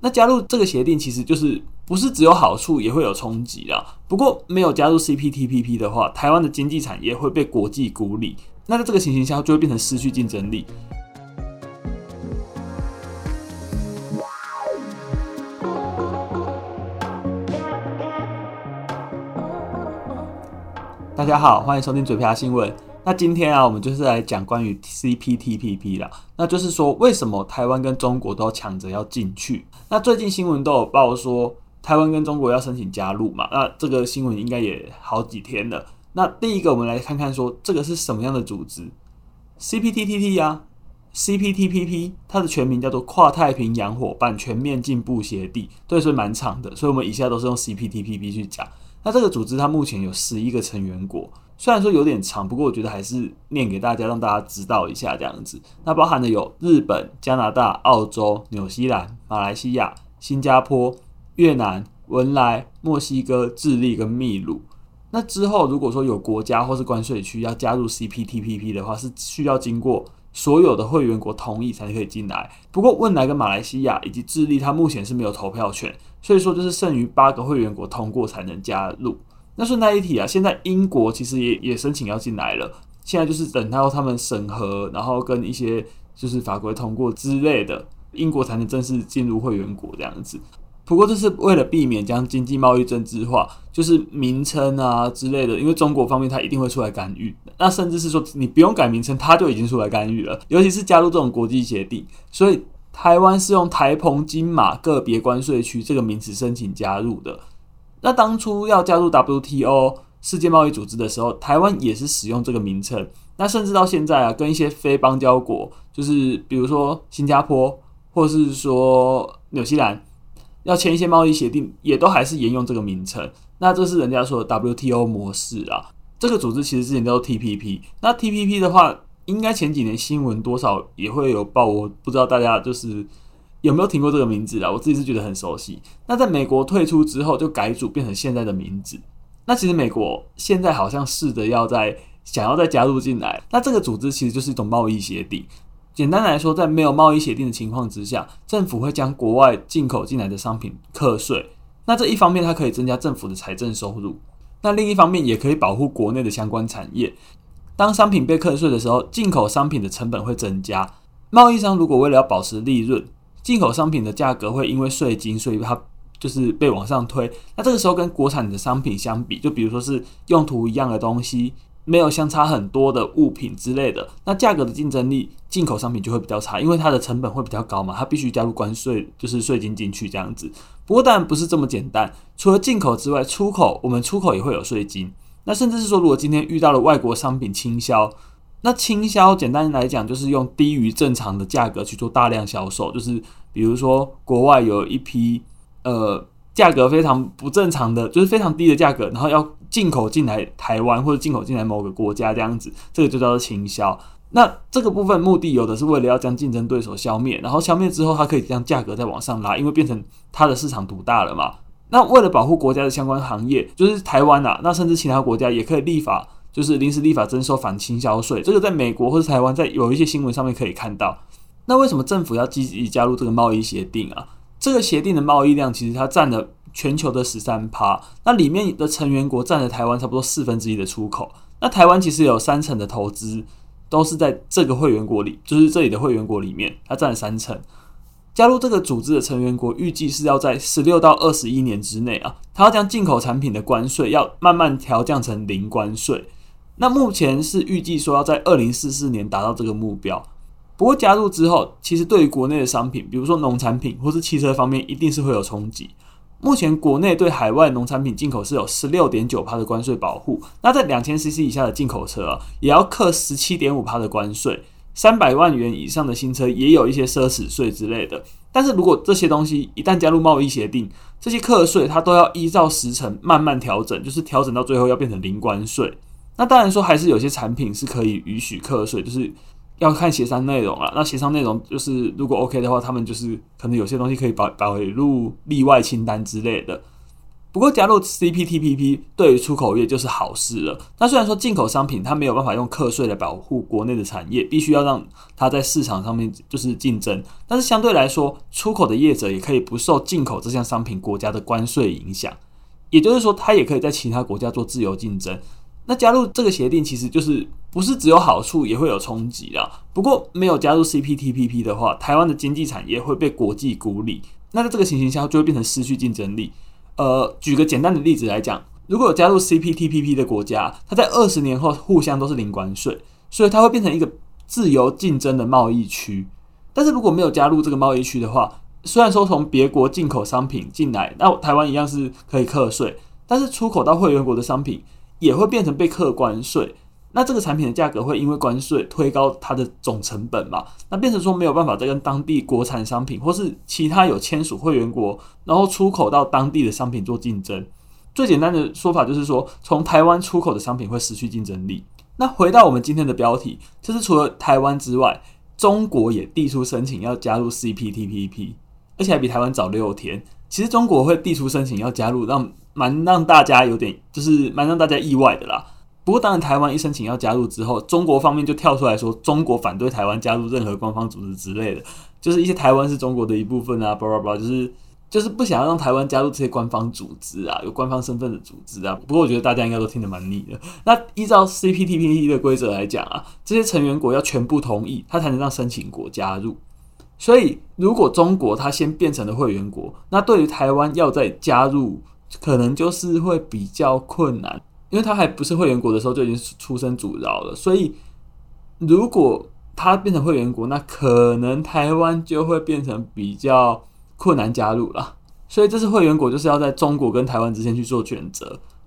那加入這個協定其實就是不是只有好處，也會有衝擊啦。不過沒有加入 CPTPP 的話，台灣的經濟產業會被國際孤立，那在這個情形下就會變成失去競爭力。大家好，歡迎收聽嘴 ㄆㄧㄚˊ 新聞。那今天啊，我們就是來講關於 CPTPP 了。那就是說，為什麼台灣跟中國要都搶着要進去？那最近新聞都有報說，台灣跟中國要申請加入嘛？那這個新聞應該也好幾天了。那第一個，我們來看看說這個是什麼樣的組織？CPTTT 啊，CPTPP 它的全名叫做跨太平洋夥伴全面進步協定，對，是蠻長的，所以我們以下都是用 CPTPP 去講。那這個組織它目前有十一個成員國。雖然說有點長，不過我覺得還是念給大家，讓大家知道一下這樣子。那包含的有日本、加拿大、澳洲、紐西蘭、馬來西亞、新加坡、越南、文萊、墨西哥、智利跟秘魯。那之後，如果說有國家或是關稅區要加入 CPTPP 的話，是需要經過所有的會員國同意才可以進來。不過文萊跟馬來西亞以及智利，它目前是沒有投票權，所以說就是剩餘八個會員國通過才能加入。那順帶一提啊，現在英國其實也也申請要進來了，現在就是等到他們審核，然後跟一些就是法規通過之類的，英國才能正式進入會員國這樣子。不過這是為了避免將經濟貿易政治化，就是名稱啊之類的，因為中國方面他一定會出來干預。那甚至是說你不用改名稱，他就已經出來干預了，尤其是加入這種國際協定。所以台灣是用台澎金馬個別關稅區這個名詞申請加入的。那當初要加入 WTO 世界貿易組織的時候，台灣也是使用這個名稱。那甚至到現在啊，跟一些非邦交國，就是比如說新加坡或是說紐西蘭，要簽一些貿易協定，也都還是沿用這個名稱。那這是人家說的 WTO 模式啊。這個組織其實之前叫做 TPP。那 TPP 的話，應該前幾年新聞多少也會有報，我不知道大家就是。有沒有聽過這個名字啊？我自己是覺得很熟悉。那在美國退出之後，就改組變成現在的名字。那其實美國現在好像試着要在想要再加入進來。那這個組織其實就是一種貿易協定。簡單來說，在沒有貿易協定的情況之下，政府會將國外進口進來的商品課稅。那這一方面它可以增加政府的財政收入，那另一方面也可以保護國內的相關產業。當商品被課稅的時候，進口商品的成本會增加。貿易商如果為了要保持利潤，進口商品的價格會因為稅金，所以它就是被往上推。那這個時候跟國產的商品相比，就比如說是用途一樣的東西，沒有相差很多的物品之類的，那價格的競爭力，進口商品就會比較差，因為它的成本會比較高嘛，它必須加入關稅，就是稅金進去這樣子。不過當然不是這麼簡單，除了進口之外，出口我們出口也會有稅金。那甚至是說，如果今天遇到了外國商品傾銷。那傾銷簡單來講，就是用低於正常的價格去做大量銷售，就是比如說國外有一批呃價格非常不正常的，就是非常低的價格，然後要進口進來台灣或者進口進來某個國家這樣子，這個就叫做傾銷。那這個部分目的有的是為了要將競爭對手消滅，然後消滅之後它可以將價格再往上拉，因為變成它的市場獨大了嘛。那為了保護國家的相關行業，就是台灣啊，那甚至其他國家也可以立法。就是臨時立法徵收反傾銷稅，這個在美國或者台灣，在有一些新聞上面可以看到。那為什麼政府要積極加入這個貿易協定啊？這個協定的貿易量其實它佔了全球的十三趴，那裡面的成員國佔了台灣差不多四分之一的出口。那台灣其實有三成的投資都是在這個會員國裡，就是這裡的會員國裡面，它佔了三成。加入這個組織的成員國預計是要在十六到二十一年之內啊，它要將進口產品的關稅要慢慢調降成零關稅。那目前是預計說要在二零四四年達到這個目標，不過加入之後，其實對於國內的商品，比如說農產品或是汽車方面，一定是會有衝擊。目前國內對海外農產品進口是有十六點九趴的關稅保護，那在兩千 CC 以下的進口車啊，也要課十七點五趴的關稅，三百萬元以上的新車也有一些奢侈稅之類的。但是如果這些東西一旦加入貿易協定，這些課稅它都要依照時程慢慢調整，就是調整到最後要變成零關稅。那當然說還是有些產品是可以允許課稅，就是要看協商內容了。那協商內容就是如果 OK 的話，他們就是可能有些東西可以擺擺入例外清單之類的。不過加入 CPTPP 對於出口業就是好事了。那雖然說進口商品它沒有辦法用課稅來保護國內的產業，必須要讓它在市場上面就是競爭。但是相對來說，出口的業者也可以不受進口這項商品國家的關稅影響，也就是說，它也可以在其他國家做自由競爭。那加入這個協定其實就是不是只有好處，也會有衝擊啦。不過沒有加入 CPTPP 的話，台灣的經濟產業會被國際孤立。那在這個情形下，就會變成失去競爭力。呃，舉個簡單的例子來講，如果有加入 CPTPP 的國家，它，在二十年後互相都是零關稅，所以它會變成一個自由競爭的貿易區。但是如果沒有加入這個貿易區的話，雖然說從別國進口商品進來，那台灣一樣是可以課稅，但是出口到會員國的商品。也會變成被課關稅，那這個產品的價格會因為關稅推高它的總成本嘛，那變成說沒有辦法再跟當地國產商品或是其他有簽署會員國，然後出口到當地的商品做競爭。最簡單的說法就是說，從台灣出口的商品會失去競爭力。那回到我們今天的標題，就是除了台灣之外，中國也遞出申請要加入 CPTPP，而且還比台灣早六天。其實中國會遞出申請要加入讓，讓蠻讓大家有點就是蠻讓大家意外的啦。不過當然，台灣一申請要加入之後，中國方面就跳出來說，中國反對台灣加入任何官方組織之類的，就是一些台灣是中國的一部分啊，不不不，就是就是不想要讓台灣加入這些官方組織啊，有官方身份的組織啊。不過我覺得大家應該都聽得蠻膩的。那依照 CPTPP 的規則來講啊，這些成員國要全部同意，他才能讓申請國加入。所以，如果中國它先變成了會員國，那對於台灣要再加入，可能就是會比較困難，因為它還不是會員國的時候就已經出聲阻撓了。所以，如果它變成會員國，那可能台灣就會變成比較困難加入了。所以，這是會員國就是要在中國跟台灣之間去做選擇。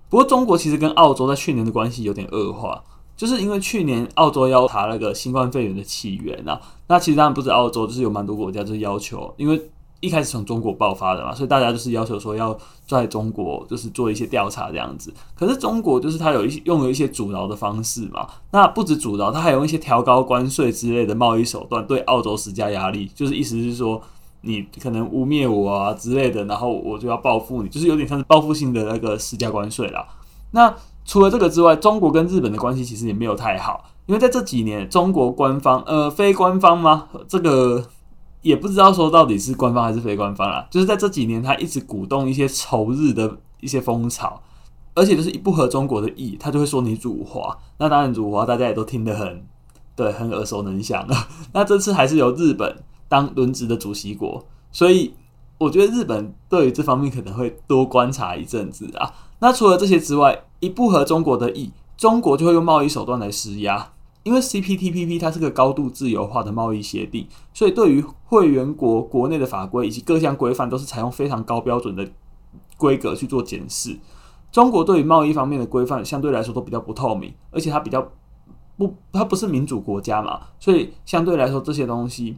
不過，中國其實跟澳洲在去年的關係有點惡化。就是因為去年澳洲要查那個新冠肺炎的起源啊，那其實當然不止澳洲，就是有蠻多國家就是要求，因為一開始從中國爆發的嘛，所以大家就是要求說要在中國就是做一些調查這樣子。可是中國就是它有一些用了一些阻撓的方式嘛，那不止阻撓，它還用一些調高關稅之類的貿易手段對澳洲施加壓力，就是意思是說你可能污衊我啊之類的，然後我就要報復你，就是有點像是報復性的那個施加關稅啦。那除了這個之外，中國跟日本的關係其實也沒有太好，因為在這幾年，中國官方呃非官方嗎？這個也不知道說到底是官方還是非官方啦。就是在這幾年，他一直鼓動一些仇日的一些風潮，而且就是一不合中國的意，他就會說你辱華。那當然辱華，大家也都聽得很對，很耳熟能詳。 那這次還是由日本當輪值的主席國，所以我覺得日本對於這方面可能會多觀察一陣子啊。那除了這些之外，一不合中國的意，中國就會用貿易手段來施壓。因為 CPTPP 它是個高度自由化的貿易協定，所以對於會員國國內的法規以及各項規範，都是採用非常高標準的規格去做檢視。中國對於貿易方面的規範相對來說都比較不透明，而且它比較不，它不是民主國家嘛，所以相對來說這些東西，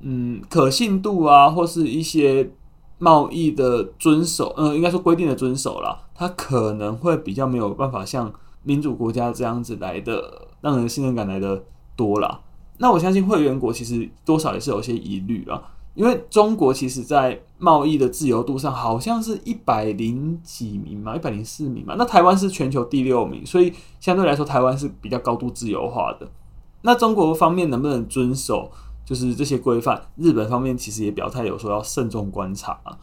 嗯，可信度啊，或是一些貿易的遵守，嗯、呃，應該說規定的遵守啦。它可能會比較沒有辦法像民主國家這樣子來的，讓人信任感來的多了。那我相信會員國其實多少也是有些疑慮啊，因為中國其實在貿易的自由度上好像是一百零幾名嘛，一百零四名嘛。那台灣是全球第六名，所以相對來說台灣是比較高度自由化的。那中國方面能不能遵守就是這些規範？日本方面其實也表態，有說要慎重觀察啊。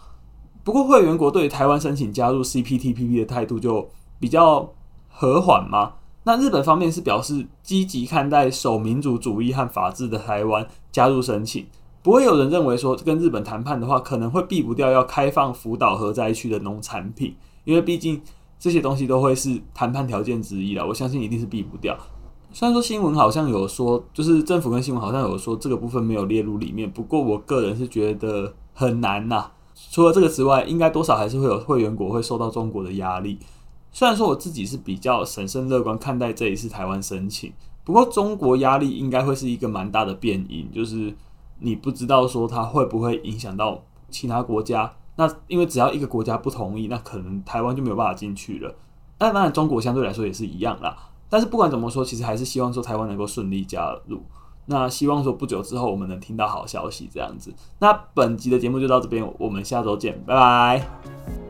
不過，會員國對台灣申請加入 CPTPP 的態度就比較和緩嗎？那日本方面是表示積極看待守民主主義和法治的台灣加入申請。不會有人認為說，跟日本談判的話，可能會避不掉要開放福島核災區的農產品，因為畢竟這些東西都會是談判條件之一了。我相信一定是避不掉。雖然說新聞好像有說，就是政府跟新聞好像有說這個部分沒有列入裡面。不過，我個人是覺得很難吶、啊。除了這個之外，應該多少還是會有會員國會受到中國的壓力。雖然說我自己是比較審慎樂觀看待這一次台灣申請，不過中國壓力應該會是一個蠻大的變因，就是你不知道說它會不會影響到其他國家。那因為只要一個國家不同意，那可能台灣就沒有辦法進去了。但當然中國相對來說也是一樣啦。但是不管怎麼說，其實還是希望說台灣能夠順利加入。那希望說不久之後我們能聽到好消息，這樣子。那本集的節目就到這邊，我們下周見，拜拜。